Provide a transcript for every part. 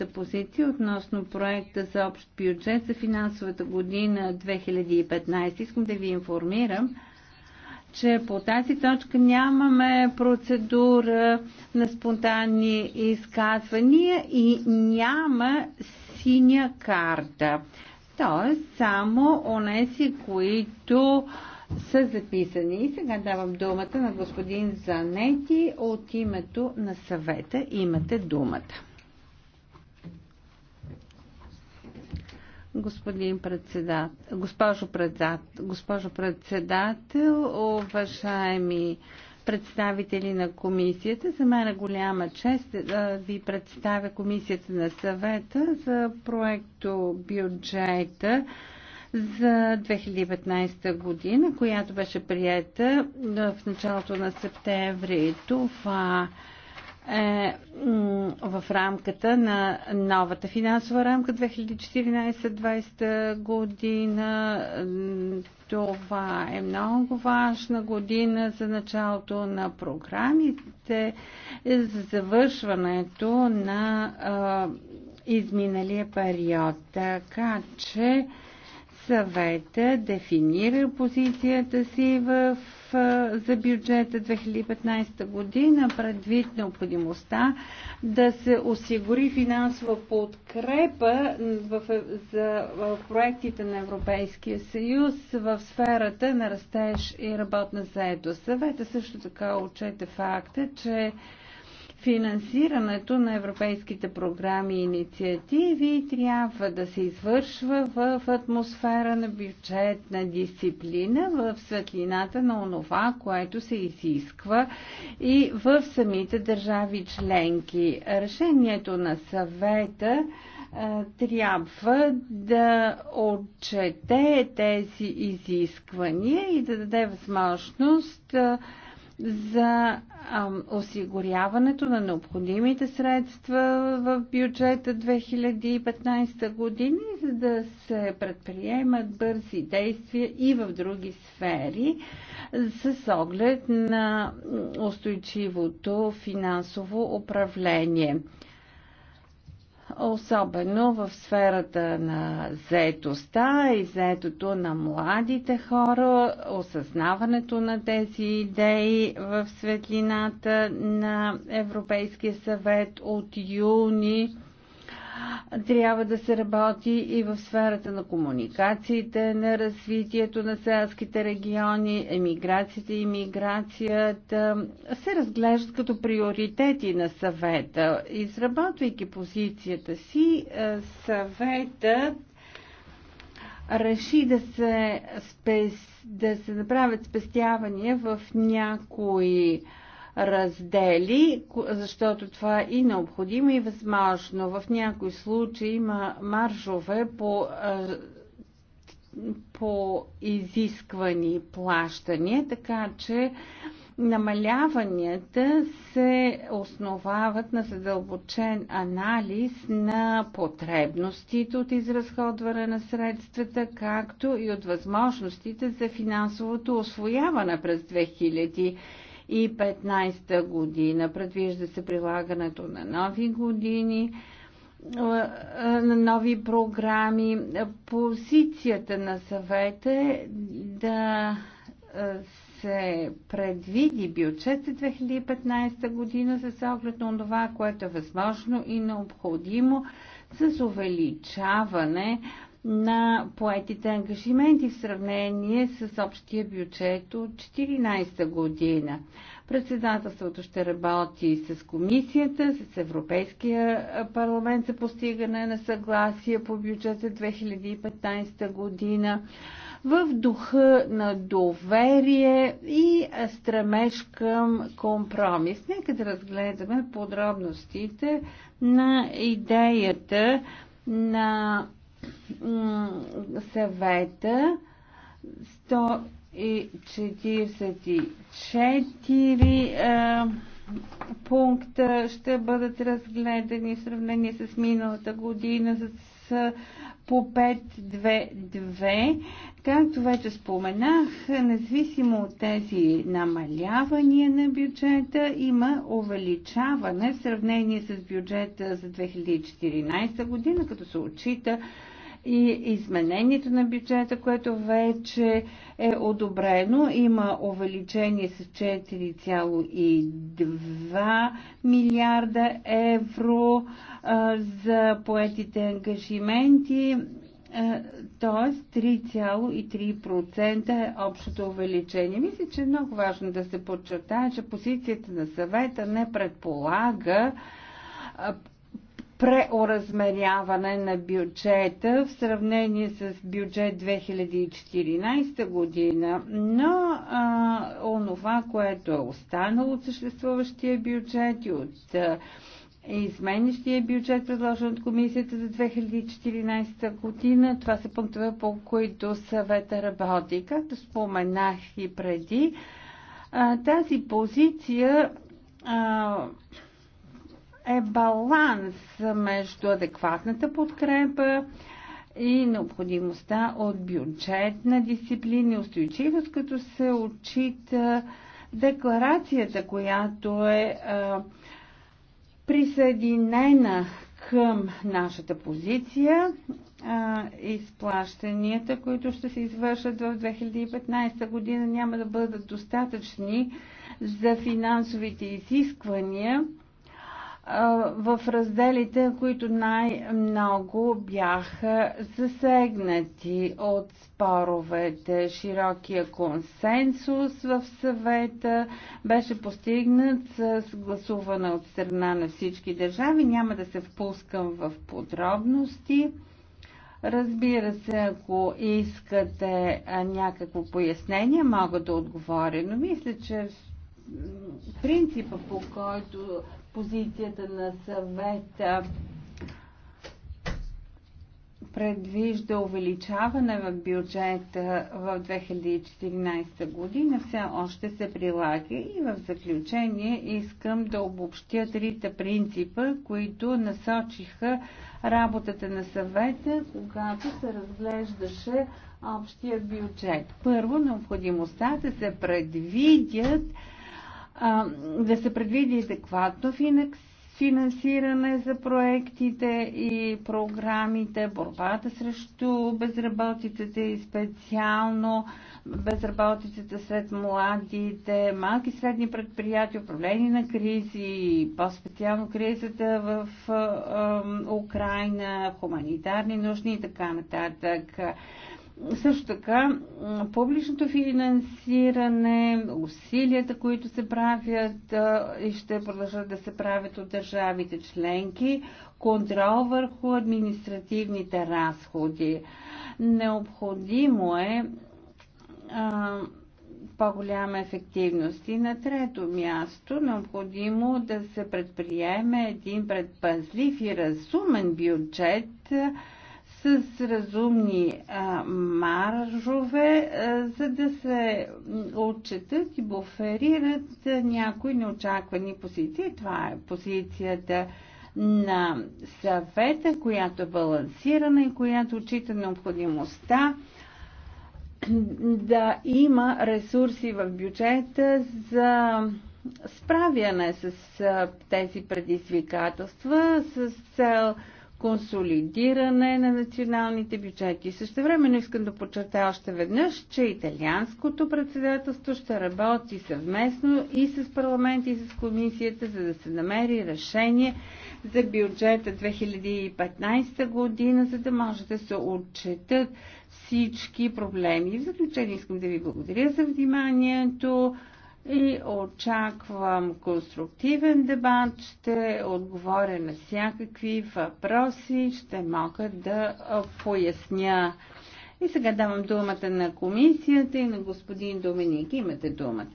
общата позиция относно проекта за общ бюджет за финансовата година 2015. Искам да ви информирам, че по тази точка нямаме процедура на спонтанни изказвания и няма синя карта. Тоест, само онези, които са записани. И сега давам думата на господин Занети от името на съвета. Имате думата. Господин председател, госпожо председател, госпожо председател, уважаеми представители на комисията. За мен е голяма чест да ви представя комисията на съвета за проекто бюджета за 2015 година, която беше прията в началото на септември. Това е е в рамката на новата финансова рамка 2014-2020 година. Това е много важна година за началото на програмите, за завършването на е, изминалия период. Така че съвета дефинира позицията си в за бюджета 2015 година, предвид необходимостта да се осигури финансова подкрепа за проектите на Европейския съюз в сферата на растеж и работна заедост. Съвета също така отчете факта, че финансирането на европейските програми и инициативи трябва да се извършва в атмосфера на бюджетна дисциплина, в светлината на онова, което се изисква и в самите държави членки. Решението на съвета е, трябва да отчете тези изисквания и да даде възможност е, за осигуряването на необходимите средства в бюджета 2015 година, за да се предприемат бързи действия и в други сфери с оглед на устойчивото финансово управление особено в сферата на заетостта и заетото на младите хора, осъзнаването на тези идеи в светлината на Европейския съвет от юни трябва да се работи и в сферата на комуникациите, на развитието на селските региони, емиграцията и миграцията се разглеждат като приоритети на съвета. Изработвайки позицията си, е, съветът реши да се, спес, да се направят спестявания в някои раздели, защото това е и необходимо и възможно. В някои случаи има маржове по, по изисквани плащания, така че намаляванията се основават на задълбочен анализ на потребностите от изразходване на средствата, както и от възможностите за финансовото освояване през 2000 2015 година. Предвижда се прилагането на нови години на нови програми. Позицията на съвета е да се предвиди бюджет за 2015 година с оглед на това, което е възможно и необходимо с увеличаване на поетите ангажименти в сравнение с общия бюджет от 2014 година. Председателството ще работи с комисията, с Европейския парламент за постигане на съгласие по бюджета 2015 година в духа на доверие и стремеж към компромис. Нека да разгледаме подробностите на идеята на съвета 144 е, пункта ще бъдат разгледани в сравнение с миналата година с по 5-2-2. Както вече споменах, независимо от тези намалявания на бюджета, има увеличаване в сравнение с бюджета за 2014 година, като се отчита и изменението на бюджета, което вече е одобрено. Има увеличение с 4,2 милиарда евро а, за поетите ангажименти т.е. 3,3% е общото увеличение. Мисля, че е много важно да се подчертая, че позицията на съвета не предполага преоразмеряване на бюджета в сравнение с бюджет 2014 година, но а, онова, което е останало от съществуващия бюджет и от изменящия бюджет, предложен от комисията за 2014 година. Това са пунктове, по които съвета работи. Както споменах и преди, а, тази позиция а, е баланс между адекватната подкрепа и необходимостта от бюджетна дисциплина и устойчивост, като се отчита декларацията, която е а, е, присъединена към нашата позиция а, е, изплащанията, които ще се извършат в 2015 година, няма да бъдат достатъчни за финансовите изисквания в разделите, които най-много бяха засегнати от споровете. Широкия консенсус в съвета беше постигнат с гласуване от страна на всички държави. Няма да се впускам в подробности. Разбира се, ако искате някакво пояснение, мога да отговоря, но мисля, че принципа по който позицията на съвета предвижда увеличаване в бюджета в 2014 година, все още се прилага. И в заключение искам да обобщя трите принципа, които насочиха работата на съвета, когато се разглеждаше общия бюджет. Първо, необходимостта да се предвидят а, да се предвиди адекватно финансиране за проектите и програмите, борбата срещу безработицата и специално безработицата сред младите, малки и средни предприятия, управление на кризи по-специално кризата в а, а, Украина, хуманитарни нужни и така нататък. Също така, публичното финансиране, усилията, които се правят и ще продължат да се правят от държавите членки, контрол върху административните разходи. Необходимо е по-голяма ефективност. И на трето място, необходимо да се предприеме един предпазлив и разумен бюджет, с разумни маржове, за да се отчетат и буферират някои неочаквани позиции. Това е позицията на съвета, която е балансирана и която отчита необходимостта да има ресурси в бюджета за справяне с тези предизвикателства, с цел консолидиране на националните бюджети. Също времено искам да подчертая още веднъж, че италианското председателство ще работи съвместно и с парламент и с комисията, за да се намери решение за бюджета 2015 година, за да може да се отчетат всички проблеми. В заключение искам да ви благодаря за вниманието и очаквам конструктивен дебат, ще отговоря на всякакви въпроси, ще мога да поясня. И сега давам думата на комисията и на господин Доминик. Имате думата.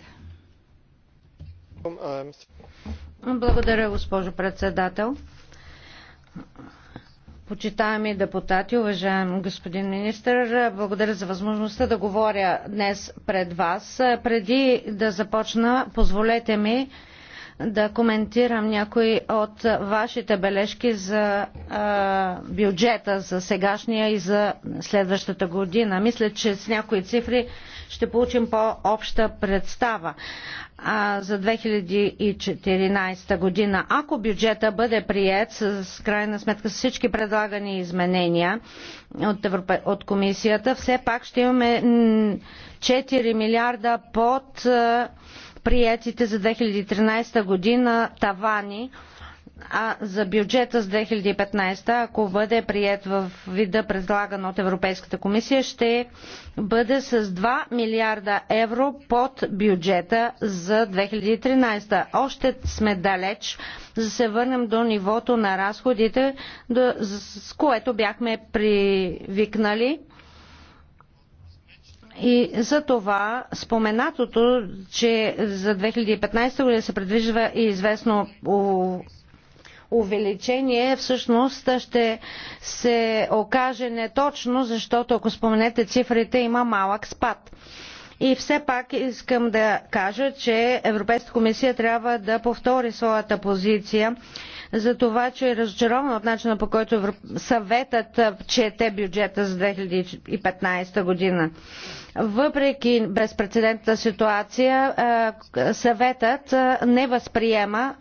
Благодаря, госпожо председател. Почитаеми депутати, уважаем господин министр, благодаря за възможността да говоря днес пред вас. Преди да започна, позволете ми да коментирам някои от вашите бележки за а, бюджета за сегашния и за следващата година. Мисля, че с някои цифри ще получим по-обща представа за 2014 година. Ако бюджета бъде прият с крайна сметка с всички предлагани изменения от, Европа, от комисията, все пак ще имаме 4 милиарда под приятите за 2013 година тавани а за бюджета с 2015, ако бъде прият в вида предлаган от Европейската комисия, ще бъде с 2 милиарда евро под бюджета за 2013. Още сме далеч за да се върнем до нивото на разходите, с което бяхме привикнали. И за това споменатото, че за 2015 година се предвижда и известно увеличение всъщност ще се окаже неточно, защото ако споменете цифрите има малък спад. И все пак искам да кажа, че Европейската комисия трябва да повтори своята позиция за това, че е разочарован от начина по който съветът чете бюджета за 2015 година. Въпреки безпредседентната ситуация, съветът не възприема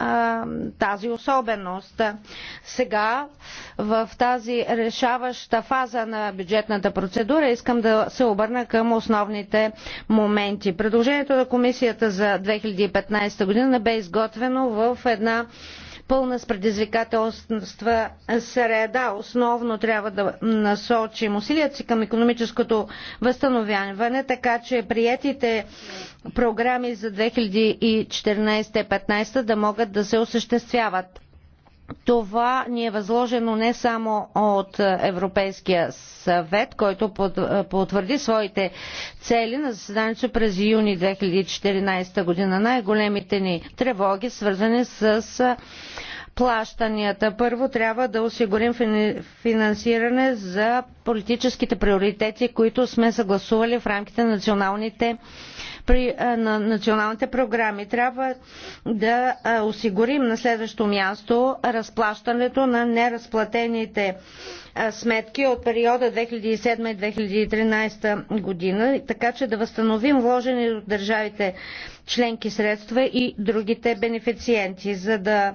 тази особеност. Сега, в тази решаваща фаза на бюджетната процедура, искам да се обърна към основните моменти. Предложението на комисията за 2015 година бе изготвено в една пълна с предизвикателства среда. Основно трябва да насочим усилията си към економическото възстановяване, така че приятите програми за 2014-2015 да могат да се осъществяват това ни е възложено не само от Европейския съвет, който потвърди своите цели на заседанието през юни 2014 година. Най-големите ни тревоги, свързани с плащанията. Първо трябва да осигурим финансиране за политическите приоритети, които сме съгласували в рамките на националните при, на националните програми. Трябва да осигурим на следващо място разплащането на неразплатените сметки от периода 2007-2013 година, така че да възстановим вложени от държавите членки средства и другите бенефициенти, за да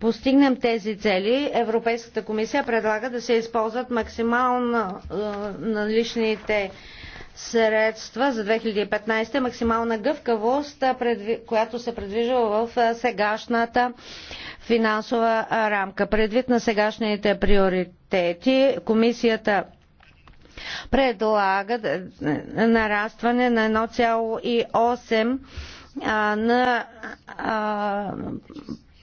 постигнем тези цели, Европейската комисия предлага да се използват максимално е, наличните средства за 2015, максимална гъвкавост, която се предвижда в сегашната финансова рамка. Предвид на сегашните приоритети, комисията предлага е, е, нарастване на 1,8 на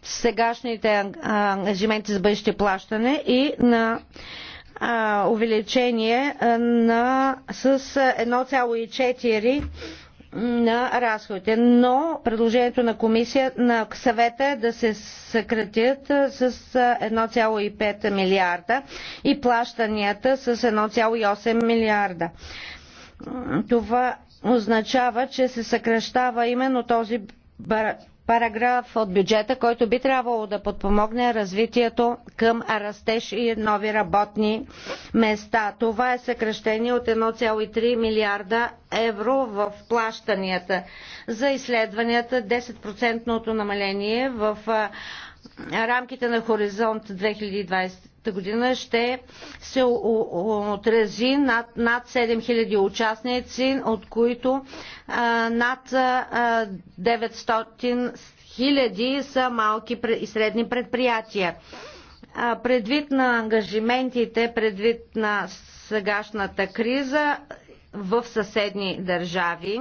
сегашните ангажименти за бъдеще плащане и на увеличение на, с 1,4 на разходите. Но предложението на комисия на съвета е да се съкратят с 1,5 милиарда и плащанията с 1,8 милиарда. Това означава, че се съкръщава именно този параграф от бюджета, който би трябвало да подпомогне развитието към растеж и нови работни места. Това е съкръщение от 1,3 милиарда евро в плащанията за изследванията, 10 намаление в рамките на хоризонт 2020 година ще се отрази над, над 7000 участници, от които а, над а, 900 хиляди са малки и средни предприятия. А, предвид на ангажиментите, предвид на сегашната криза в съседни държави,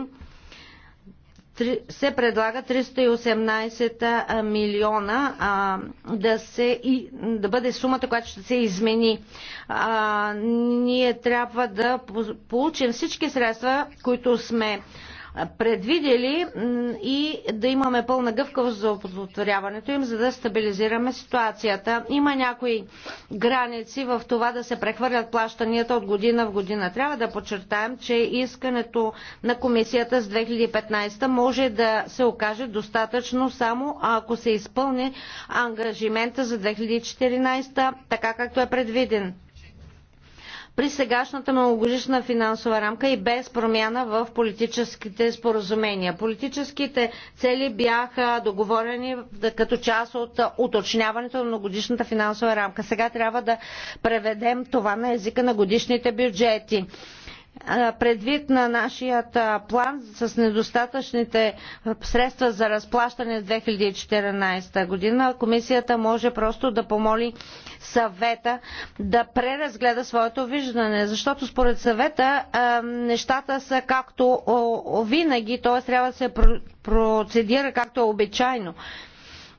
се предлага 318 милиона а, да, се, и, да бъде сумата, която ще се измени. А, ние трябва да получим всички средства, които сме предвидели и да имаме пълна гъвкавост за оползотворяването им, за да стабилизираме ситуацията. Има някои граници в това да се прехвърлят плащанията от година в година. Трябва да подчертаем, че искането на комисията с 2015 може да се окаже достатъчно само ако се изпълни ангажимента за 2014, така както е предвиден при сегашната многогодишна финансова рамка и без промяна в политическите споразумения. Политическите цели бяха договорени като част от уточняването на многогодишната финансова рамка. Сега трябва да преведем това на езика на годишните бюджети предвид на нашият план с недостатъчните средства за разплащане в 2014 година, комисията може просто да помоли съвета да преразгледа своето виждане, защото според съвета нещата са както винаги, т.е. трябва да се процедира както е обичайно.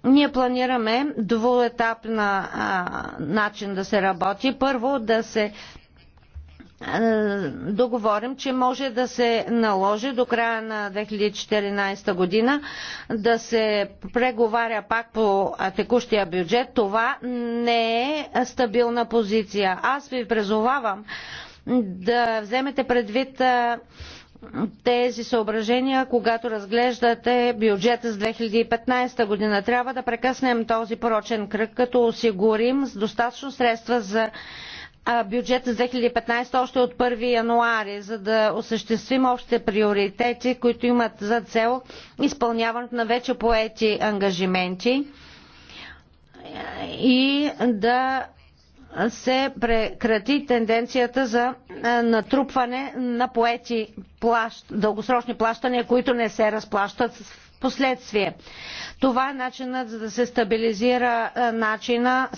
Ние планираме двуетапна а, начин да се работи. Първо да се е, договорим, че може да се наложи до края на 2014 година да се преговаря пак по текущия бюджет. Това не е стабилна позиция. Аз ви призовавам да вземете предвид е, тези съображения, когато разглеждате бюджета с 2015 година. Трябва да прекъснем този порочен кръг, като осигурим достатъчно средства за Бюджет за 2015 още от 1 януари, за да осъществим общите приоритети, които имат за цел изпълняването на вече поети ангажименти и да се прекрати тенденцията за натрупване на поети плащ, дългосрочни плащания, които не се разплащат в последствие. Това е начинът за да се стабилизира начина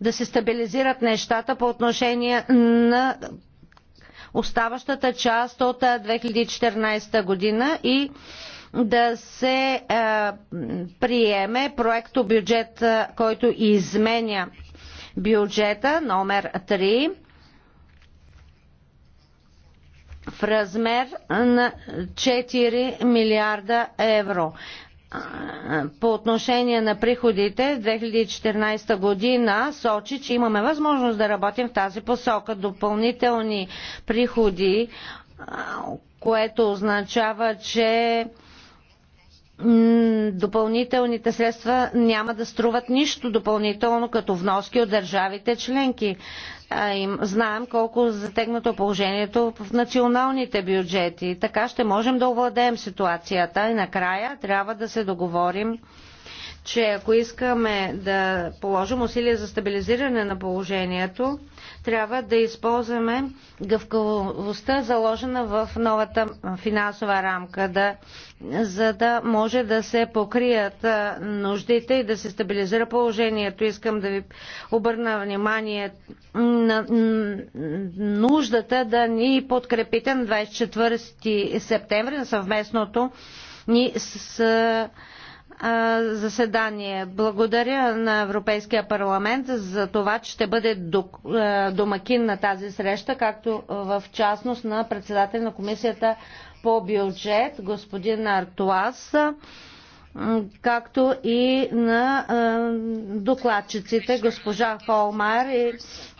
да се стабилизират нещата по отношение на оставащата част от 2014 година и да се е, приеме проекто бюджет, който изменя бюджета номер 3 в размер на 4 милиарда евро по отношение на приходите 2014 година сочи, че имаме възможност да работим в тази посока. Допълнителни приходи, което означава, че допълнителните средства няма да струват нищо допълнително като вноски от държавите членки. Знаем колко затегнато е положението в националните бюджети. Така ще можем да овладеем ситуацията и накрая трябва да се договорим че ако искаме да положим усилия за стабилизиране на положението, трябва да използваме гъвкавостта, заложена в новата финансова рамка, да, за да може да се покрият нуждите и да се стабилизира положението. Искам да ви обърна внимание на нуждата да ни подкрепите на 24 септември на съвместното ни с заседание. Благодаря на Европейския парламент за това, че ще бъде домакин на тази среща, както в частност на председател на комисията по бюджет, господин Артуас, както и на докладчиците, госпожа Холмар и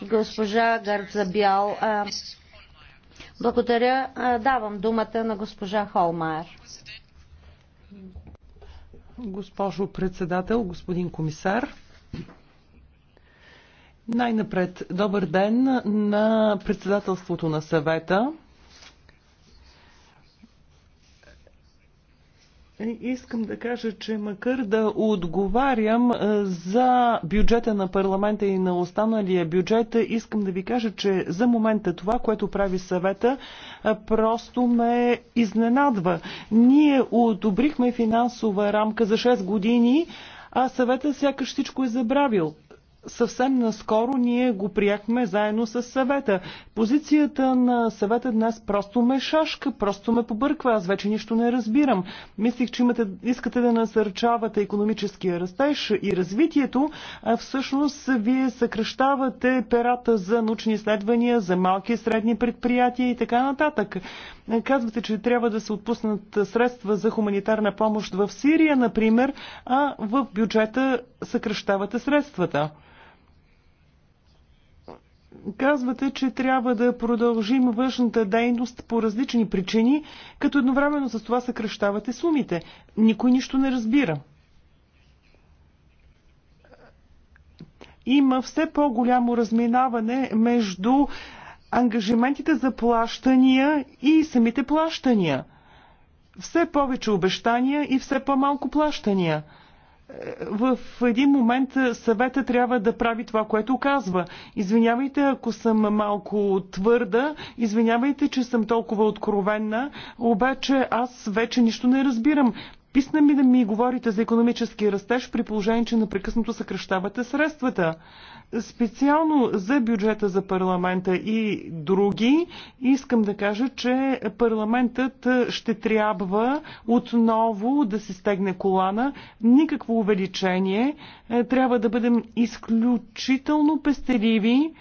госпожа Гърцабял. Благодаря. Давам думата на госпожа Холмар. Госпожо председател, господин комисар, най-напред добър ден на председателството на съвета. Искам да кажа, че макар да отговарям за бюджета на парламента и на останалия бюджет, искам да ви кажа, че за момента това, което прави съвета, просто ме изненадва. Ние одобрихме финансова рамка за 6 години, а съвета сякаш всичко е забравил съвсем наскоро ние го прияхме заедно с съвета. Позицията на съвета днес просто ме шашка, просто ме побърква. Аз вече нищо не разбирам. Мислих, че имате, искате да насърчавате економическия растеж и развитието, а всъщност вие съкръщавате перата за научни изследвания, за малки и средни предприятия и така нататък. Казвате, че трябва да се отпуснат средства за хуманитарна помощ в Сирия, например, а в бюджета съкръщавате средствата. Казвате, че трябва да продължим външната дейност по различни причини, като едновременно с това съкръщавате сумите. Никой нищо не разбира. Има все по-голямо разминаване между ангажиментите за плащания и самите плащания. Все повече обещания и все по-малко плащания – в един момент съвета трябва да прави това, което казва. Извинявайте, ако съм малко твърда, извинявайте, че съм толкова откровенна, обаче аз вече нищо не разбирам. Писна ми да ми говорите за економически растеж при положение, че напрекъснато съкръщавате средствата. Специално за бюджета за парламента и други, искам да кажа, че парламентът ще трябва отново да се стегне колана. Никакво увеличение. Е, трябва да бъдем изключително пестеливи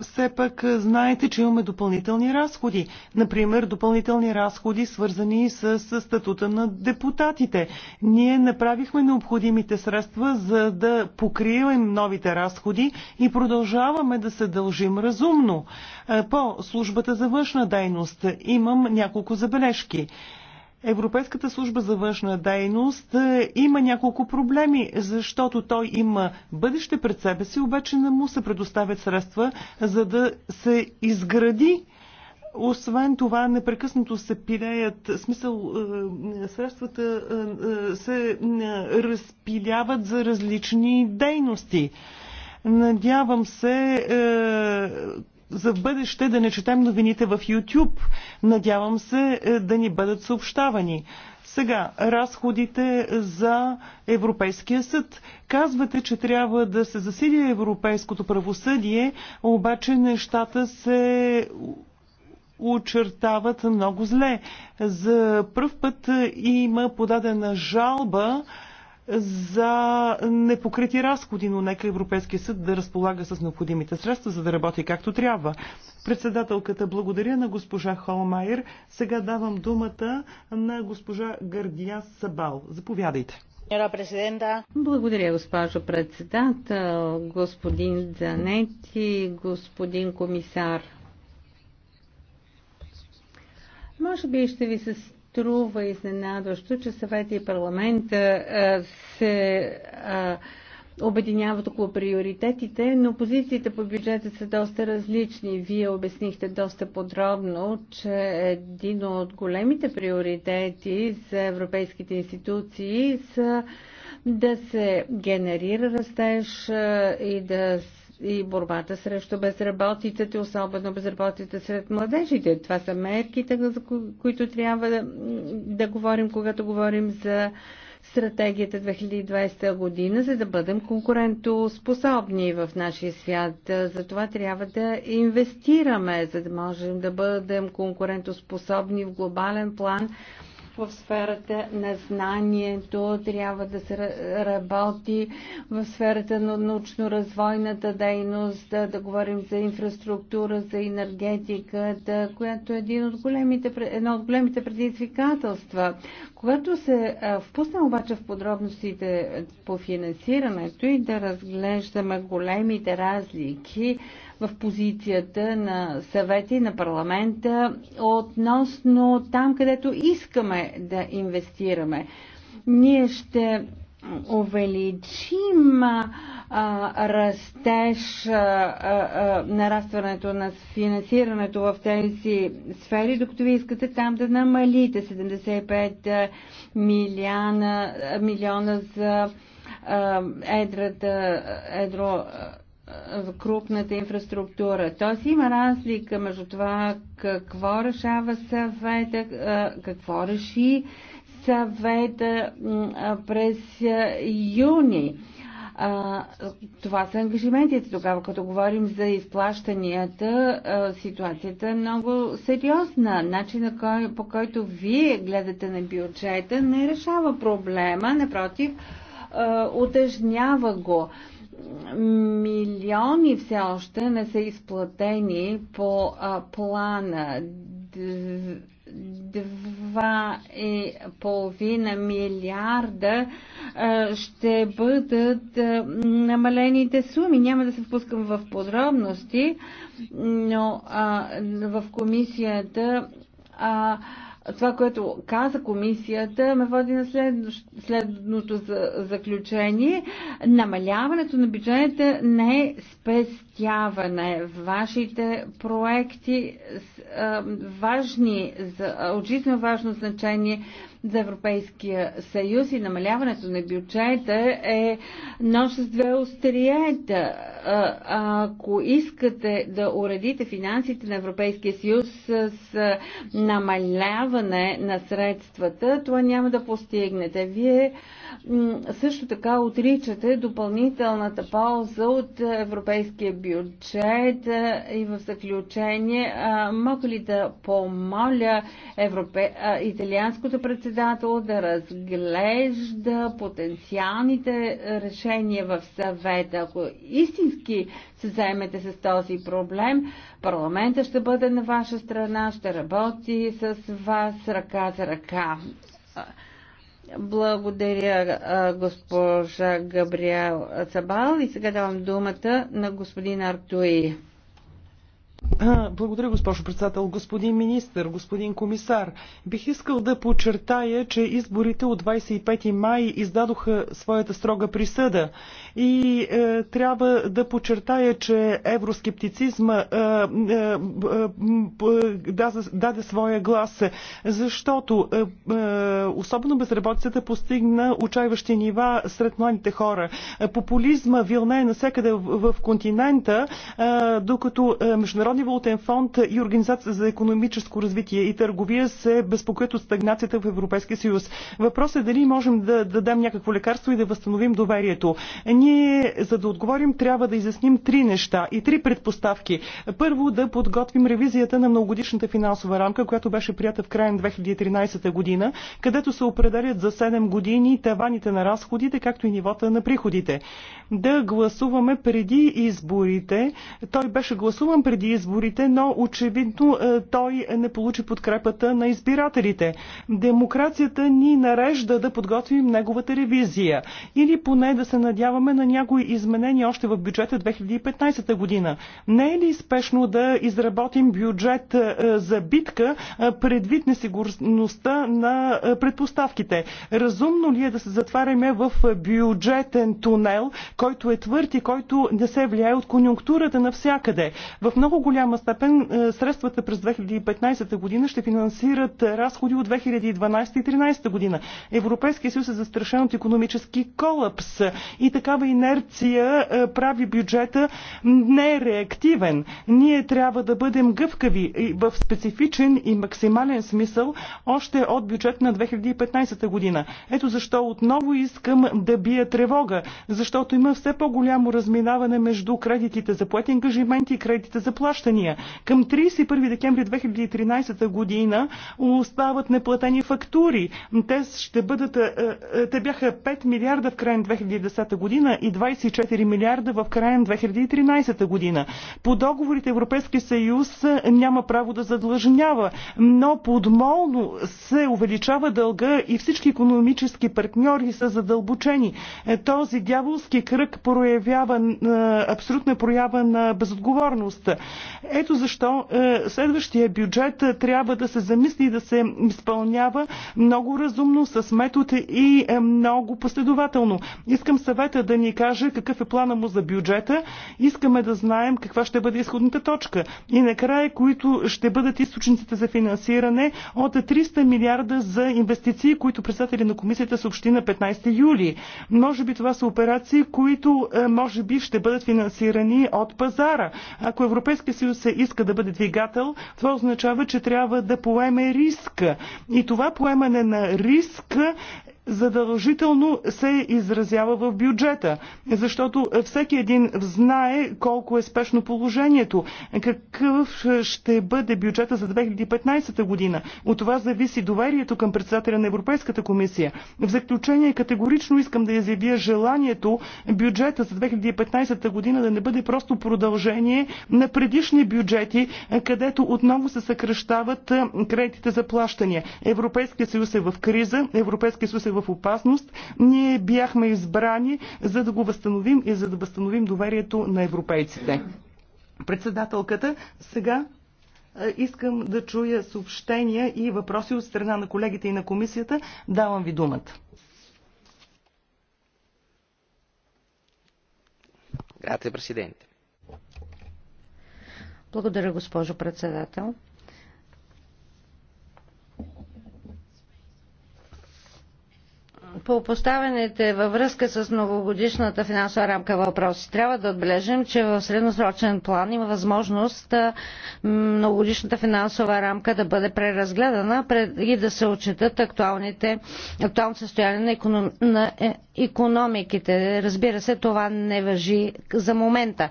все пък знаете, че имаме допълнителни разходи. Например, допълнителни разходи, свързани с, с статута на депутатите. Ние направихме необходимите средства, за да покрием новите разходи и продължаваме да се дължим разумно. По службата за външна дейност имам няколко забележки. Европейската служба за външна дейност е, има няколко проблеми, защото той има бъдеще пред себе си, обаче не му се предоставят средства, за да се изгради освен това, непрекъснато се пилеят, смисъл, е, средствата е, се разпиляват за различни дейности. Надявам се за в бъдеще да не четем новините в YouTube. Надявам се е, да ни бъдат съобщавани. Сега, разходите за Европейския съд. Казвате, че трябва да се засили европейското правосъдие, обаче нещата се очертават много зле. За първ път има подадена жалба за непокрити разходи, но нека Европейския съд да разполага с необходимите средства, за да работи както трябва. Председателката благодаря на госпожа Холмайер. Сега давам думата на госпожа Гардия Сабал. Заповядайте. Благодаря, госпожо председател, господин Занети, господин комисар. Може би ще ви се струва изненадващо, че съвета и парламента се обединяват около приоритетите, но позициите по бюджета са доста различни. Вие обяснихте доста подробно, че един от големите приоритети за европейските институции са да се генерира растеж и да и борбата срещу безработицата, особено безработицата сред младежите. Това са мерките, за които трябва да, да говорим, когато говорим за стратегията 2020 година, за да бъдем конкурентоспособни в нашия свят. За това трябва да инвестираме, за да можем да бъдем конкурентоспособни в глобален план в сферата на знанието, трябва да се работи в сферата на научно-развойната дейност, да, да говорим за инфраструктура, за енергетиката, която е един от големите, едно от големите предизвикателства. Когато се впусна обаче в подробностите по финансирането и да разглеждаме големите разлики, в позицията на съвета и на парламента относно там, където искаме да инвестираме. Ние ще увеличим а, растеж, а, а, нарастването на финансирането в тези сфери, докато ви искате там да намалите 75 милиона, милиона за едрата, едро в крупната инфраструктура. Тоест има разлика между това какво решава съвета, какво реши съвета през юни. А, това са ангажиментите. Тогава, като говорим за изплащанията, а, ситуацията е много сериозна. Начинът кой, по който вие гледате на бюджета не решава проблема, напротив, а, утежнява го. А, милиони все още не са изплатени по а, плана. Два и половина милиарда а, ще бъдат а, намалените суми. Няма да се впускам в подробности, но а, в комисията а, това, което каза комисията, ме води на следното заключение. Намаляването на бюджета не е спестяване. Вашите проекти важни, от жизненно важно значение за Европейския съюз и намаляването на бюджета е нож с две остриета. Ако искате да уредите финансите на Европейския съюз с намаляване на средствата, това няма да постигнете. Вие също така отричате допълнителната полза от европейския бюджет и в заключение мога ли да помоля Европе... италианското председателство председател да разглежда потенциалните решения в съвета. Ако истински се заемете с този проблем, парламента ще бъде на ваша страна, ще работи с вас ръка за ръка. Благодаря, госпожа Габриел Цабал. И сега давам думата на господин Артуи. Благодаря, госпожо председател. Господин министр, господин комисар, бих искал да подчертая, че изборите от 25 май издадоха своята строга присъда и е, трябва да подчертая, че евроскептицизма е, е, е, даде, даде своя глас, защото е, е, особено безработицата постигна отчаиващи нива сред младите хора. Популизма е навсякъде в, в континента, е, докато е, международните Международния валутен фонд и Организация за економическо развитие и търговия се безпокоят от стагнацията в Европейския съюз. Въпросът е дали можем да дадем някакво лекарство и да възстановим доверието. Ние, за да отговорим, трябва да изясним три неща и три предпоставки. Първо, да подготвим ревизията на многогодишната финансова рамка, която беше прията в края на 2013 година, където се определят за 7 години таваните на разходите, както и нивота на приходите. Да гласуваме преди изборите. Той беше гласуван преди изборите изборите, но очевидно е, той не получи подкрепата на избирателите. Демокрацията ни нарежда да подготвим неговата ревизия или поне да се надяваме на някои изменения още в бюджета 2015 година. Не е ли спешно да изработим бюджет е, за битка е, предвид несигурността на предпоставките? Разумно ли е да се затваряме в бюджетен тунел, който е твърд и който не се влияе от конюнктурата навсякъде? В много голям голяма степен е, средствата през 2015 година ще финансират разходи от 2012 и 2013 година. Европейския съюз е застрашен от економически колапс и такава инерция е, прави бюджета не е реактивен. Ние трябва да бъдем гъвкави в специфичен и максимален смисъл още от бюджет на 2015 година. Ето защо отново искам да бия тревога, защото има все по-голямо разминаване между кредитите за платен ангажименти и кредитите за плащане плащания. Към 31 декември 2013 година остават неплатени фактури. Те ще бъдат, е, е, те бяха 5 милиарда в края на 2010 година и 24 милиарда в края на 2013 година. По договорите Европейски съюз е, няма право да задлъжнява, но подмолно се увеличава дълга и всички економически партньори са задълбочени. Този дяволски кръг проявява абсолютна проява на безотговорност. Ето защо е, следващия бюджет е, трябва да се замисли и да се изпълнява много разумно, с метод и е, много последователно. Искам съвета да ни каже какъв е плана му за бюджета. Искаме да знаем каква ще бъде изходната точка. И накрая, които ще бъдат източниците за финансиране от 300 милиарда за инвестиции, които председателя на комисията съобщи на 15 юли. Може би това са операции, които може би ще бъдат финансирани от пазара. Ако Европейския съюз се иска да бъде двигател, това означава, че трябва да поеме риска. И това поемане на риска задължително се изразява в бюджета, защото всеки един знае колко е спешно положението, какъв ще бъде бюджета за 2015 година. От това зависи доверието към председателя на Европейската комисия. В заключение категорично искам да изявя желанието бюджета за 2015 година да не бъде просто продължение на предишни бюджети, където отново се съкръщават кредитите за плащания. Европейския съюз е в криза, Европейския съюз е в опасност, ние бяхме избрани за да го възстановим и за да възстановим доверието на европейците. Председателката, сега е, искам да чуя съобщения и въпроси от страна на колегите и на комисията. Давам ви думата. Благодаря, госпожо председател. по поставените във връзка с многогодишната финансова рамка въпроси. Трябва да отбележим, че в средносрочен план има възможност многогодишната финансова рамка да бъде преразгледана преди да се отчитат актуалните, актуалното състояние на, економ, на економиките. Разбира се, това не въжи за момента.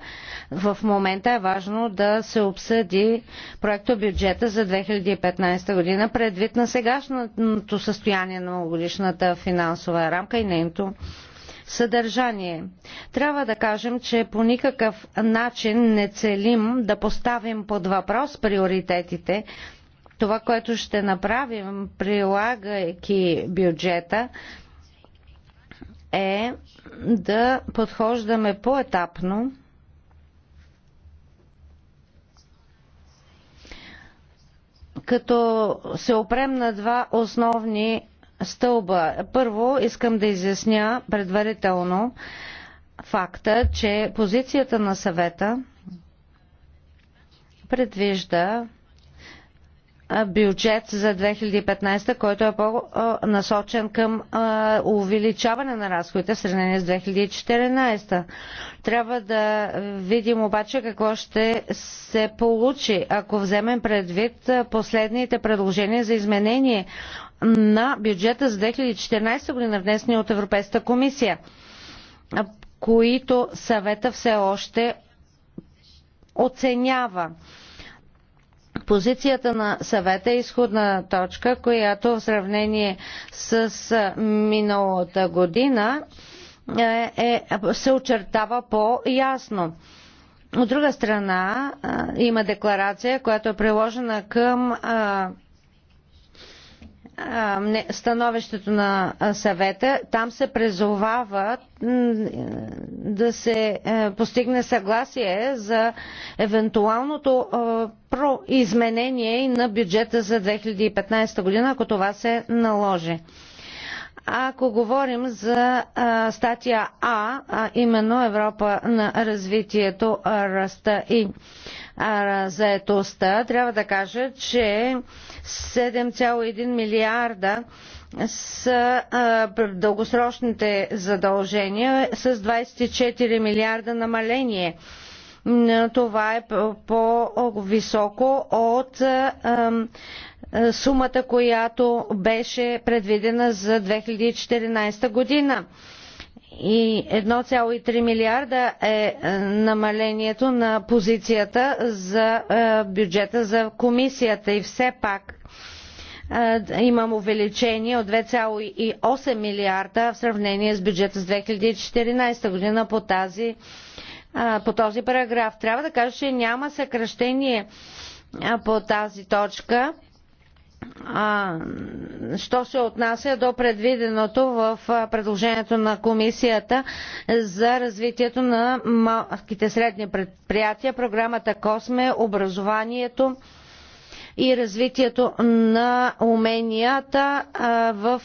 В момента е важно да се обсъди проекто бюджета за 2015 година предвид на сегашното състояние на многогодишната финансова финансова рамка и нейното съдържание. Трябва да кажем, че по никакъв начин не целим да поставим под въпрос приоритетите. Това, което ще направим, прилагайки бюджета, е да подхождаме по-етапно като се опрем на два основни стълба. Първо искам да изясня предварително факта, че позицията на съвета предвижда бюджет за 2015, който е по-насочен към увеличаване на разходите в сравнение с 2014. Трябва да видим обаче какво ще се получи, ако вземем предвид последните предложения за изменение на бюджета за 2014 година, внесени от Европейската комисия, които съвета все още оценява. Позицията на съвета е изходна точка, която в сравнение с миналата година е, е, се очертава по-ясно. От друга страна, има декларация, която е приложена към становището на съвета, там се презовава да се е, постигне съгласие за евентуалното е, произменение на бюджета за 2015 година, ако това се наложи. Ако говорим за а, статия А, а именно Европа на развитието, а, ръста и заетостта, трябва да кажа, че 7,1 милиарда с а, дългосрочните задължения с 24 милиарда намаление. Това е по-високо от а, сумата, която беше предвидена за 2014 година и 1,3 милиарда е, е намалението на позицията за е, бюджета за комисията и все пак е, имам увеличение от 2,8 милиарда в сравнение с бюджета с 2014 година по тази по този параграф. Трябва да кажа, че няма съкръщение по тази точка що се отнася до предвиденото в предложението на комисията за развитието на малките средни предприятия, програмата Косме, образованието и развитието на уменията в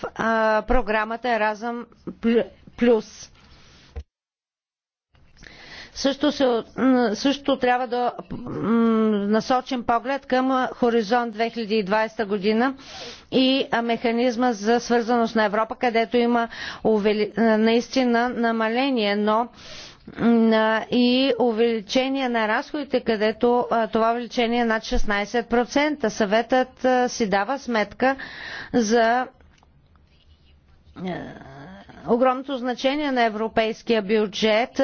програмата Еразъм Плюс. Също, се, също трябва да насочим поглед към Хоризонт 2020 година и механизма за свързаност на Европа, където има наистина намаление, но и увеличение на разходите, където това увеличение е над 16%. Съветът си дава сметка за огромното значение на европейския бюджет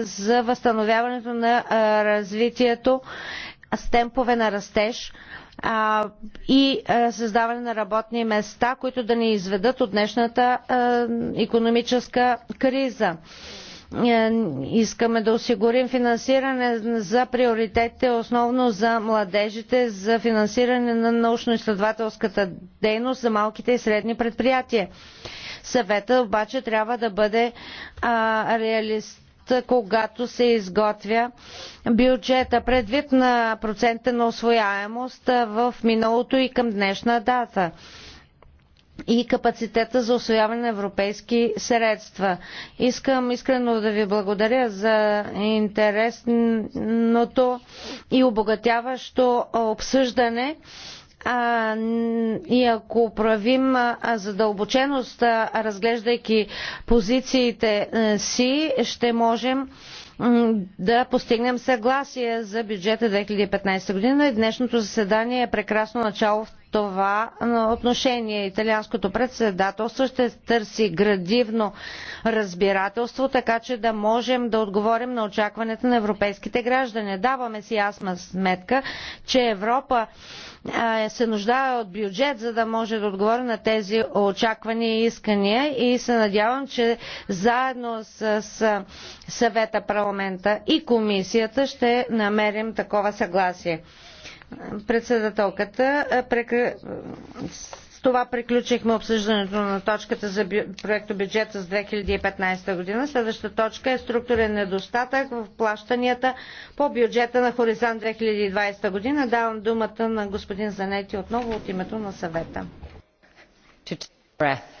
за възстановяването на развитието с темпове на растеж и създаване на работни места, които да ни изведат от днешната економическа криза искаме да осигурим финансиране за приоритетите, основно за младежите, за финансиране на научно-изследователската дейност за малките и средни предприятия. Съвета обаче трябва да бъде а, реалист когато се изготвя бюджета. Предвид на процента на освояемост в миналото и към днешна дата и капацитета за освояване на европейски средства. Искам искрено да ви благодаря за интересното и обогатяващо обсъждане а, и ако правим задълбоченост, разглеждайки позициите е, си, ще можем да постигнем съгласие за бюджета 2015 година и днешното заседание е прекрасно начало в това отношение. Италианското председателство ще търси градивно разбирателство, така че да можем да отговорим на очакването на европейските граждани. Даваме си ясна сметка, че Европа се нуждае от бюджет, за да може да отговори на тези очаквания и искания и се надявам, че заедно с съвета, парламента и комисията ще намерим такова съгласие. Председателката, с това приключихме обсъждането на точката за проектобюджета бюджета с 2015 година. Следващата точка е структурен недостатък в плащанията по бюджета на Хоризонт 2020 година. Давам думата на господин Занети отново от името на съвета. Breath.